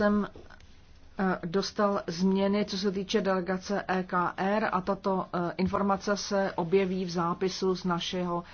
jsem eh, dostal změny, co se týče delegace EKR a tato eh, informace se objeví v zápisu z našeho